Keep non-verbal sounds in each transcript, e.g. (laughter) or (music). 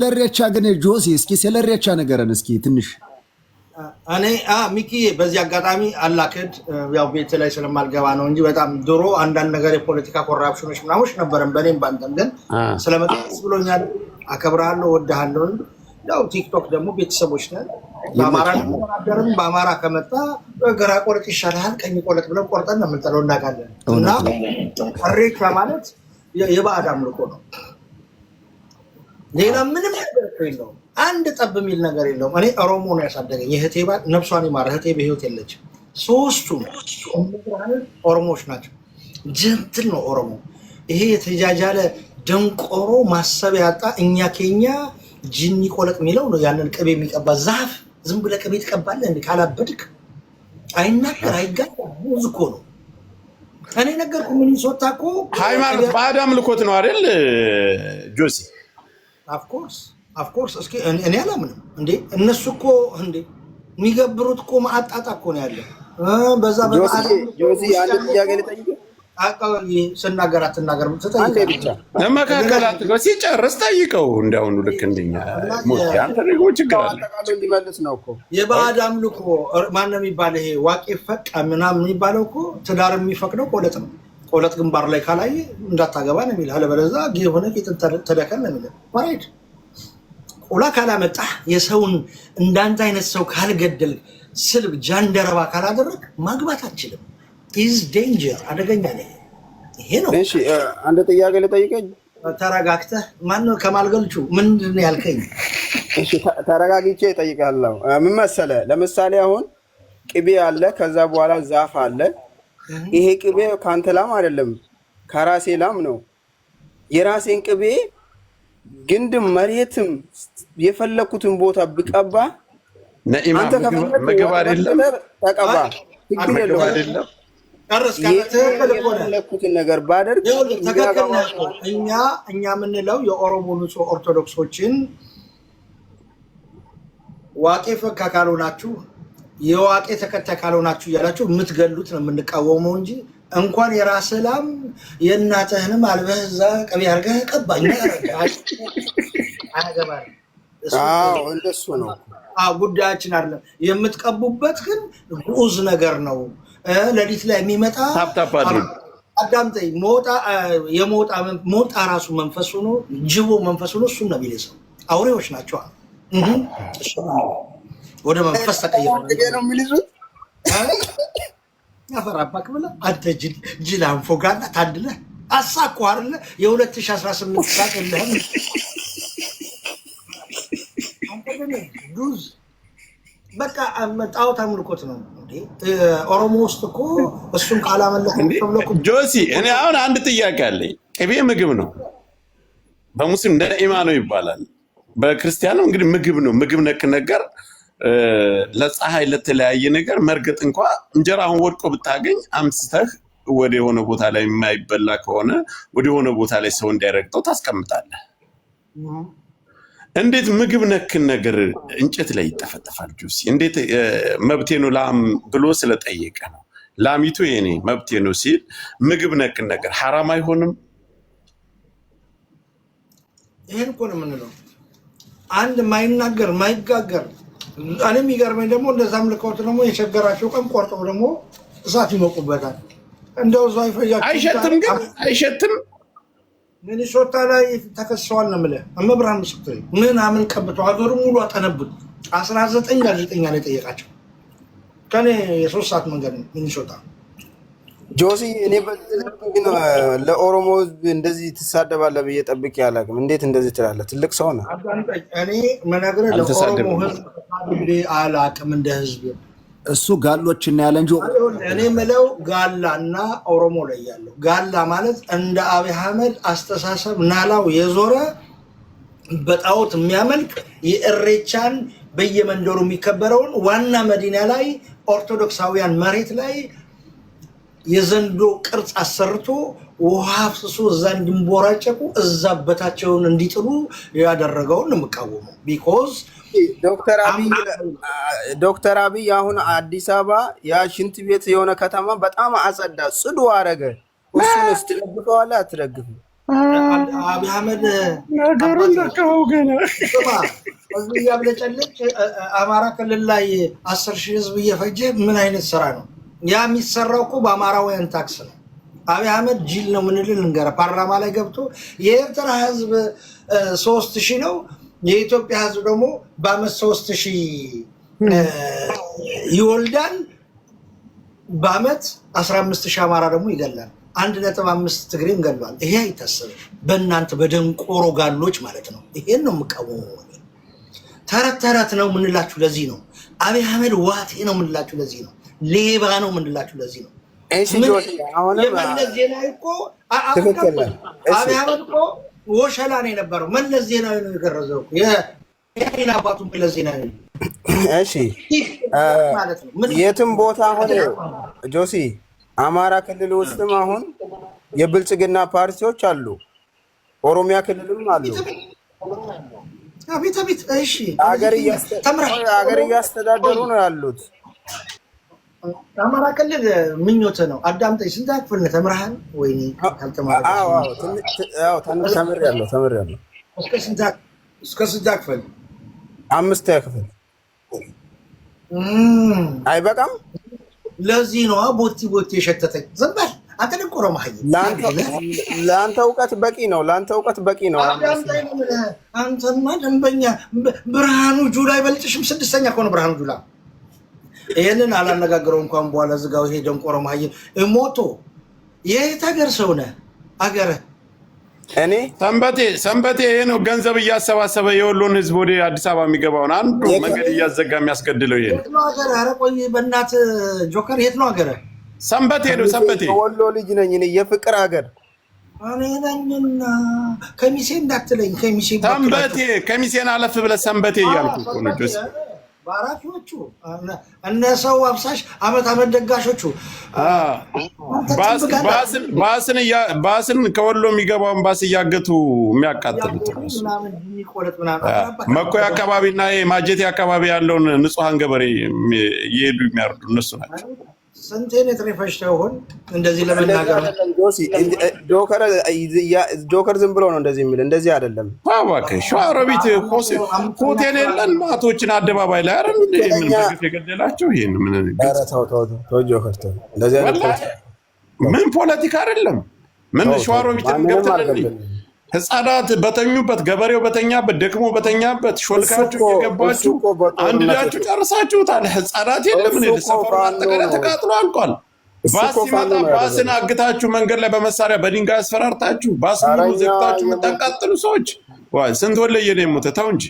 ለሬቻ ግን ጆሲ እስኪ ስለ ሬቻ ነገረን እስኪ ትንሽ። እኔ ሚኪ በዚህ አጋጣሚ አላክድ ያው ቤት ላይ ስለማልገባ ነው እንጂ በጣም ድሮ አንዳንድ ነገር የፖለቲካ ኮራፕሽኖች ምናምን ነበረን በእኔም በአንተም። ግን ስለመጣስ ብሎኛል። አከብርሃለሁ፣ ወድሃለሁ። ያው ቲክቶክ ደግሞ ቤተሰቦች ነን። በአማራ ደርም በአማራ ከመጣ በግራ ቆረጥ ይሻልሃል ቀኝ ቆረጥ ብለን ቆርጠን ነው የምንጠለው፣ እናውቃለን። እና ሬቻ ማለት የባዕድ አምልኮ ነው። ሌላ ምንም ነገር የለውም። አንድ ጠብ የሚል ነገር የለውም። እኔ ኦሮሞ ነው ያሳደገኝ። የእህቴ ባል ነፍሷን ይማር። እህቴ በህይወት የለችም። ሶስቱ ኦሮሞዎች ናቸው። ጀንትል ነው ኦሮሞ። ይሄ የተጃጃለ ደንቆሮ ማሰብ ያጣ እኛ ኬኛ ጅኒ ቆለቅ የሚለው ነው ያንን ቅቤ የሚቀባ ዛፍ ዝም ብለህ ቅቤ ትቀባለህ እንደ ካላበድክ አይናገር አይጋባ ሙዝ እኮ ነው። እኔ ነገርኩህ። ምን ይሶታ እኮ ሃይማኖት በአዳም ልኮት ነው አይደል ጆሴ አፍኮርስ አፍኮርስ እስኪ እኔ አላምንም እንዴ እነሱ እኮ እንዴ የሚገብሩት እኮ ማጣጣ እኮ ነው ያለ። በዛ በጆዚ ስናገር አትናገር መካከላት ሲጨርስ ጠይቀው እንዳሁኑ ልክ እንደኛ የባዕድ አምልኮ ማነው የሚባለው ይሄ ዋቄ ፈቃ ምናምን የሚባለው እኮ ትዳር የሚፈቅደው ቆለጥ ነው። ከሁለት ግንባር ላይ ካላየ እንዳታገባ ነው የሚልህ። አለበለዚያ የሆነ ጌጥን ተደከል ነው የሚልህ። ቆላ ካላመጣህ የሰውን እንዳንተ አይነት ሰው ካልገደል ስልብ ጃንደረባ ካላደረግ ማግባት አችልም። ኢዝ ዴንጀር አደገኛ ነ ይሄ ነው። አንድ ጥያቄ ልጠይቀኝ። ተረጋግተህ ማነው ከማልገልቹ ምንድን ያልከኝ? ተረጋግቼ እጠይቃለሁ። ምን መሰለህ፣ ለምሳሌ አሁን ቅቤ አለ፣ ከዛ በኋላ ዛፍ አለ ይሄ ቅቤ ከአንተ ላም አይደለም፣ ከራሴ ላም ነው። የራሴን ቅቤ ግንድም መሬትም የፈለኩትን ቦታ ብቀባ አንተ ምግብ ተቀባ፣ ችግር የለውም። ነገር ባደርግ እኛ እኛ የምንለው የኦሮሞ ንጹህ ኦርቶዶክሶችን ዋቄ ፈካ ካልሆናችሁ የዋቄ ተከታይ ካልሆናችሁ እያላችሁ የምትገሉት ነው የምንቃወመው እንጂ እንኳን የራስ ላም የእናትህንም አልበህ እዛ ቀቢ አድርገህ ቀባኝ አያገባል። እንደሱ ነው ጉዳያችን አይደለም። የምትቀቡበት ግን ግዑዝ ነገር ነው። ሌሊት ላይ የሚመጣ አዳምጠኝ፣ የሞጣ ራሱ መንፈሱ ነው፣ ጅቦ መንፈሱ ነው። እሱን ነው ሰው አውሬዎች ናቸው። ወደ መንፈስ ተቀየረ ነው የ2018 በቃ ጣዖት አምልኮት ነው። ኦሮሞ ውስጥ እኮ እሱን ጆሲ፣ እኔ አሁን አንድ ጥያቄ አለኝ። ቅቤ ምግብ ነው፣ በሙስሊም ነኢማ ነው ይባላል፣ በክርስቲያንም እንግዲህ ምግብ ነው። ምግብ ነክ ነገር ለፀሐይ ለተለያየ ነገር መርገጥ እንኳ እንጀራውን ወድቆ ብታገኝ አምስተህ ወደ የሆነ ቦታ ላይ የማይበላ ከሆነ ወደ የሆነ ቦታ ላይ ሰው እንዳይረግጠው ታስቀምጣለህ። እንዴት ምግብ ነክን ነገር እንጨት ላይ ይጠፈጠፋል? ጁሲ እንዴት መብቴኑ ላም ብሎ ስለጠየቀ ነው። ላሚቱ የኔ መብቴኑ ሲል ምግብ ነክን ነገር ሀራም አይሆንም። ይህን እኮ ነው የምንለው። አንድ ማይናገር ማይጋገር እኔ የሚገርመኝ ደግሞ እንደዛም ልከውት ደግሞ የቸገራቸው ቀን ቆርጠው ደግሞ እሳት ይሞቁበታል። እንደው እዛ ይፈጃቸው። አይሸትም ግን አይሸትም። ሚኒሶታ ላይ ተከሰዋል ነው የምልህ። መብርሃን ምስክር አምን ቀብተው ሀገሩ ሙሉ አጠነብት። አስራ ዘጠኝ ጋዜጠኛ ነው የጠየቃቸው። ከኔ የሶስት ሰዓት መንገድ ነው ሚኒሶታ ጆሲ እኔ ለኦሮሞ ሕዝብ እንደዚህ ትሳደባለህ ብዬ ጠብቄ አላውቅም። እንዴት እንደዚህ ትላለህ? ትልቅ ሰው ነህ። እኔ መነግርህ ለኦሮሞ ሕዝብ ተሳድቤ አላውቅም እንደ ሕዝብ እሱ ጋሎችና ያለ እንጂ እኔ ምለው ጋላ እና ኦሮሞ ላይ ያለው ጋላ ማለት እንደ አብይ አህመድ አስተሳሰብ ናላው የዞረ በጣዖት የሚያመልክ የእሬቻን በየመንደሩ የሚከበረውን ዋና መዲና ላይ ኦርቶዶክሳውያን መሬት ላይ የዘንዶ ቅርጽ አሰርቶ ውሃ አፍስሶ እዛ እንድንቦራጨቁ እዛ በታቸውን እንዲጥሉ ያደረገውን ነው የምቃወመው። ቢኮዝ ዶክተር አብይ አሁን አዲስ አበባ ያ ሽንት ቤት የሆነ ከተማ በጣም አጸዳ፣ ጽዱ አረገ። እሱን ውስጥ ትደግፈዋለህ አትደግፍም? አብይ አህመድ ነገሩን ለቀው ገና እዚህ ያብለጨለጭ። አማራ ክልል ላይ አስር ሺህ ህዝብ እየፈጀ ምን አይነት ስራ ነው? ያ የሚሰራው እኮ በአማራውያን ታክስ ነው። አብይ አህመድ ጅል ነው ምንልል እንገራ ፓርላማ ላይ ገብቶ የኤርትራ ህዝብ ሶስት ሺህ ነው የኢትዮጵያ ህዝብ ደግሞ በአመት ሶስት ሺህ ይወልዳል በአመት አስራ አምስት ሺህ አማራ ደግሞ ይገላል። አንድ ነጥብ አምስት ትግሬም ገሏል። ይሄ አይታሰብም። በእናንተ በደንቆሮ ጋሎች ማለት ነው። ይሄን ነው የምቃወመው። ተረት ተረት ነው ምንላችሁ ለዚህ ነው አብይ አህመድ ዋቴ ነው ምንላችሁ ለዚህ ነው ሌባ ነው የምንላችሁ ለዚህ ነው። የመለስ ዜናዊ እኮ አብያመት እኮ ወሸላ ነው የነበረው። መለስ ዜናዊ ነው የገረዘው አባቱ መለስ ዜናዊ ነው። እሺ የትም ቦታ ሆነ ጆሲ፣ አማራ ክልል ውስጥም አሁን የብልጽግና ፓርቲዎች አሉ፣ ኦሮሚያ ክልልም አሉ። ሀገር እያስተዳደሩ ነው ያሉት አማራ ክልል ምኞት ነው። አዳምጠኝ። ስንት ክፍል ነህ? ተምረሃል ወይ? ተምሬያለሁ ተምሬያለሁ። እስከ ስንት ክፍል? አምስተኛ ክፍል። አይበቃም። ለዚህ ነው ቦቲ ቦቲ የሸተተኝ። ዝም በል አንተ ደንቆሮ ለአንተ እውቀት በቂ ነው። ለአንተ እውቀት በቂ ነው። አንተማ ደንበኛ ብርሃኑ ጁላ አይበልጥሽም። ስድስተኛ ከሆነ ብርሃኑ ጁላ ይህንን አላነጋግረው እንኳን በኋላ ዝጋው። ይሄ ደንቆሮ ማየ ሞቶ የየት ሀገር ሰው ነህ? አገርህ እኔ ሰንበቴ ሰንበቴ። ይሄ ነው ገንዘብ እያሰባሰበ የወሎን ህዝብ ወደ አዲስ አበባ የሚገባውን አንዱ መንገድ እያዘጋ የሚያስገድለው ይሄ ነው። ሀገር አረ ቆይ፣ በእናት ጆከር፣ የት ነው ሀገር? ሰንበቴ ነው ሰንበቴ። ወሎ ልጅ ነኝ እኔ የፍቅር ሀገር ከሚሴ እንዳትለኝ ከሚሴ ሰንበቴ፣ ከሚሴን አለፍ ብለህ ሰንበቴ እያልኩ ነው ባራኪዎቹ እነ ሰው አብሳሽ አመት አመት ደጋሾቹ ባስን ከወሎ የሚገባውን ባስ እያገቱ የሚያቃጥሉት መኮይ አካባቢና ማጀቴ አካባቢ ያለውን ንጹሐን ገበሬ እየሄዱ የሚያርዱ እነሱ ናቸው። ስንቴን የትሬፈሽተው ይሆን እንደዚህ ለመናገር ጆከር ዝም ብሎ ነው እንደዚህ የሚል እንደዚህ አይደለም። እባክህ ሸዋሮቢት ሆቴል የለን ማቶችን አደባባይ ላይ አረ የገደላቸው ይህን ምን ፖለቲካ አይደለም። ምን ሸዋሮቢትን ገብተን ህጻናት በተኙበት ገበሬው በተኛበት ደክሞ በተኛበት ሾልካችሁ የገባችሁ አንድዳችሁ ጨርሳችሁታል። ህጻናት የለምን ሰፈሩ አጠቃላይ ተቃጥሎ አልቋል። ባስ ሲመጣ ባስን አግታችሁ መንገድ ላይ በመሳሪያ በድንጋይ አስፈራርታችሁ ባስ ሙሉ ዘግታችሁ የምታቃጥሉ ሰዎች ስንት ወለየ ነው የሞተ? ተው እንጂ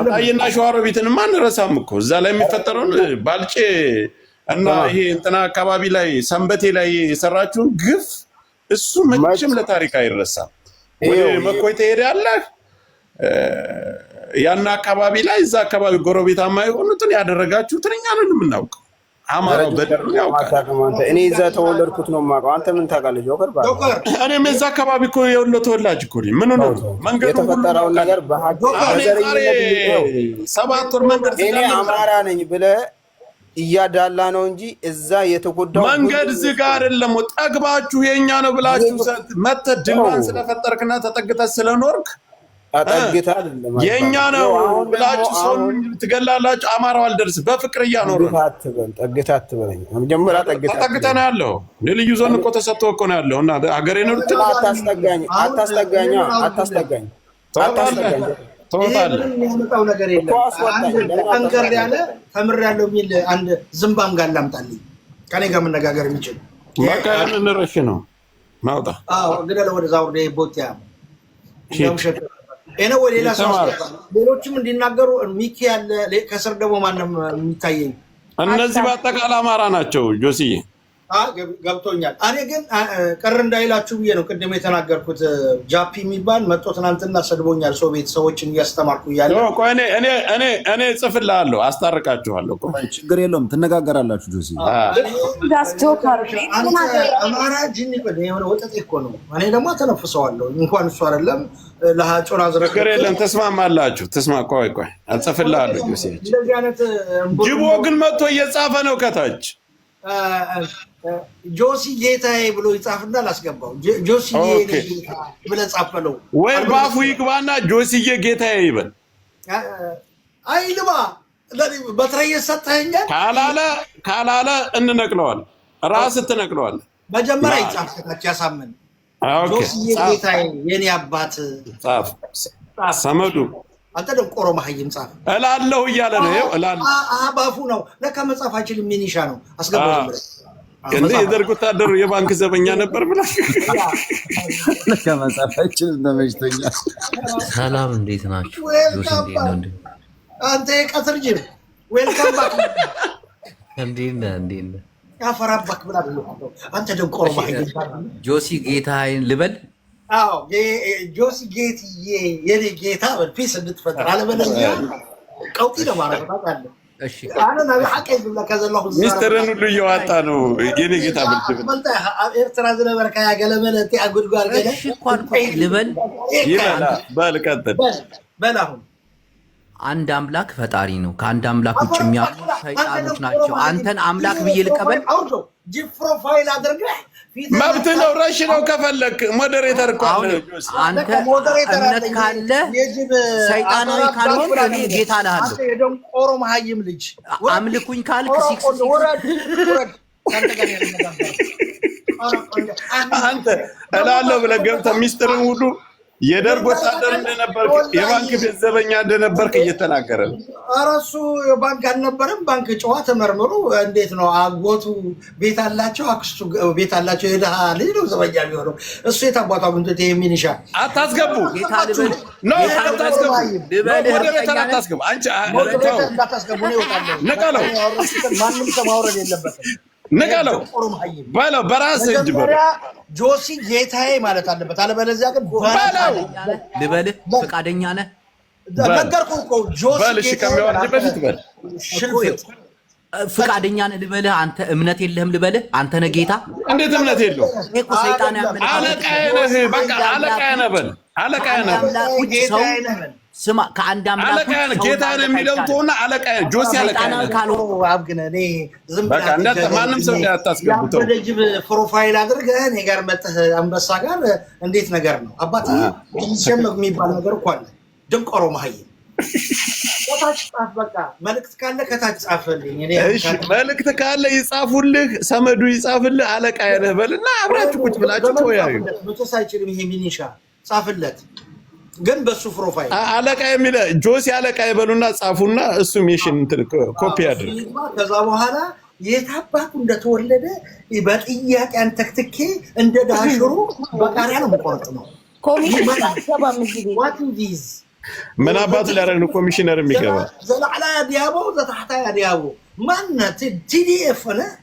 አጣዬና ሸዋሮቢትን አንረሳም እኮ እዛ ላይ የሚፈጠረውን ባልጬ እና ይሄ እንትና አካባቢ ላይ ሰንበቴ ላይ የሰራችሁን ግፍ እሱ መቼም ለታሪክ አይረሳም። ወደ መኮይ ትሄዳለህ። ያን አካባቢ ላይ እዛ አካባቢ ጎረቤታማ የሆኑትን ያደረጋችሁትን እኛ ነን የምናውቀው። አማራው በደሩ ያውቃል። እኔ እዛ ተወለድኩት ነው የማውቀው። አንተ ምን ታውቃለህ? ጆከር እኔም እዛ አካባቢ እኮ የወሎ ተወላጅ እኮ ምን ነው መንገዱ የተፈጠረውን ነገር ሰባት ወር መንገድ እኔ አማራ ነኝ ብለህ እያዳላ ነው እንጂ እዛ የተጎዳው መንገድ ዝግ አይደለም። ጠግባችሁ የኛ ነው ብላችሁ መተ ድንኳን ስለፈጠርክና ተጠግተ ስለኖርክ የእኛ ነው ብላችሁ ሰውን ትገላላችሁ። አማራው አልደርስ በፍቅር እያኖረ ተጠግተህ ነው ያለው። ልዩ ዞን እኮ ተሰጥቶ እኮ ነው ያለው እና ሀገሬ ነው አታስጠጋኝ፣ አታስጠጋኝ፣ አታስጠጋኝ የሚያመጣው ነገር የለም። ጠንከር ያለ የሚል አንድ ዝምባም ጋር ላምጣልኝ ከኔ ጋር መነጋገር የሚችል ነው ማውጣ ግደለ ወደዛ ወደ ቦቲያ ነው ወይ ሌላ ሰው ሌሎችም እንዲናገሩ ሚኪ ያለ ከስር ደግሞ ማንም የሚታየኝ እነዚህ በአጠቃላይ አማራ ናቸው ጆስዬ ገብቶኛል። እኔ ግን ቅር እንዳይላችሁ ብዬ ነው ቅድም የተናገርኩት። ጃፒ የሚባል መጥቶ ትናንትና ሰድቦኛል። ሰው ቤት ሰዎችን እያስተማርኩ እያለ እኔ ጽፍልሃለሁ፣ አስታርቃችኋለሁ። ችግር የለውም ትነጋገራላችሁ። ጆሲ ወጠጤ እኮ ነው። እኔ ደግሞ ተነፍሰዋለሁ። እንኳን እሱ አይደለም ለሀጮን አዝረክ ችግር የለም። ተስማማላችሁ። ተስማ ቆይ ቆይ ጽፍልሃለሁ። ጆሲ ጅቦ ግን መጥቶ እየጻፈ ነው ከታች ጆሲ ጌታዬ ብሎ ይጻፍና ላስገባው ጆሲዬ ብለህ ጻፍ በለው ወይ በአፉ ይግባና ጆሲዬ ጌታዬ ይበል። አይልማ በትረየት ሰጠኸኛል ካላለ ካላለ እንነቅለዋል። ራስ ትነቅለዋል። መጀመሪያ ይጻፍ ሰታች ያሳምን ጆሲዬ ጌታዬ የኔ አባት ጻፍ ሰመዱ አንተ ደንቆሮ መሀይም ጻፍ እላለሁ እያለ ነው። ይኸው ነው ለካ መጻፍ አይችልም። ሚኒሻ ነው አስገባው እንዴ የደርግ ወታደር የባንክ ዘበኛ ነበር ብላ ከመጻፋችን ሰላም እንዴት ናችሁ? አንተ የቀትር ጅብ ዌልካም ባክ እንዴት ነህ? እንዴት ነህ? ያፈራባክ ብላ አንተ ደንቆሮ ጆሲ ጌታ ልበል ጆሲ ጌት የኔ ጌታ ፒስ እንድትፈጥር አለበለዚያ ቀውጢ ነው ማለት ሚስጥርን ሁሉ እየዋጣ ነው። የኔ ጌታ ኤርትራ ዝነበርካ ያገለመነ ጉድጓድ ልበል በል ቀጥል በል አሁን አንድ አምላክ ፈጣሪ ነው። ከአንድ አምላክ ውጭ የሚያሉ ሰይጣኖች ናቸው። አንተን አምላክ ብዬ ልቀበል? መብት ነው። ረሽ ነው ከፈለክ ሞዴሬተር እኮ አንተ እምነት ካለ ሰይጣናዊ ካልሆን እኔ ጌታ ልጅ አምልኩኝ ካልክ ሲክስ አንተ (laughs) እላለሁ ብለህ ገብተህ ሚስጥርን ሁሉ የደርግ ወታደር እንደነበርክ የባንክ ቤት ዘበኛ እንደነበርክ እየተናገረ ነው። ኧረ እሱ ባንክ አልነበረም። ባንክ ጨዋ ተመርምሩ። እንዴት ነው አጎቱ ቤት አላቸው፣ አክስቱ ቤት አላቸው። የድሃ ልጅ ነው ዘበኛ የሚሆነው እሱ። የት አባቷ ጉንጥት የሚኒሻ አታስገቡ፣ ወደ ቤት አታስገቡ። አንቺ ነቀለው ማንም ሰው ማውረድ የለበትም። ንቀለው በለው። በራስህ እጅ ጆሲ ጌታዬ ማለት አለበት። አለበለዚያ ግን በለው ልበልህ። ፈቃደኛ ነህ? ነገርኩህ እኮ ጆሲ ከሚሆን በፊት በል ሽልፍት ፍቃደኛ ነህ ልበልህ? አንተ እምነት የለህም ልበልህ? አንተ ነህ ጌታ። እንዴት እምነት የለውም? ሰይጣን ያመልካል። አለቃዬ ነህ፣ በቃ አለቃዬ ነህ በል አለቃ ነው። ስማ ከአንድ አምላክ ጌታ ነው የሚለው ተውና፣ አለቃ ጆሲ አለቃ ሰው እንዳታስገብተው ያብደጅብ ፕሮፋይል አድርገህ እኔ ጋር መጥተህ አንበሳ ጋር እንዴት ነገር ነው አባቴ። ይሸመቅ የሚባል ነገር እኮ አለ። ድንቆሮ መሀይም ከታች ጻፍ። በቃ መልእክት ካለ ከታች ጻፈልኝ። እሺ መልእክት ካለ ይጻፉልህ፣ ሰመዱ ይጻፍልህ። አለቃ ያለህ በልና አብራችሁ ቁጭ ብላችሁ ተወያዩ። መቼስ አይችልም ይሄ ሚኒሻ ጻፍለት ግን በሱ ፕሮፋይል አለቃ የሚለ ጆሲ አለቃ ይበሉና ጻፉና እሱ ሚሽን ሜሽን ኮፒ አድርግ። ከዛ በኋላ የታባቱ እንደተወለደ በጥያቄ አንተክትኬ እንደ ዳሽሩ በቃሪያ ነው የምቆርጥ ነው። ምን አባት ሊያደርግ ነው ኮሚሽነር የሚገባ ዘላዕላ ያዲያቦ ዘታሕታ ያዲያቦ ማነት ቲዲኤፍ ነ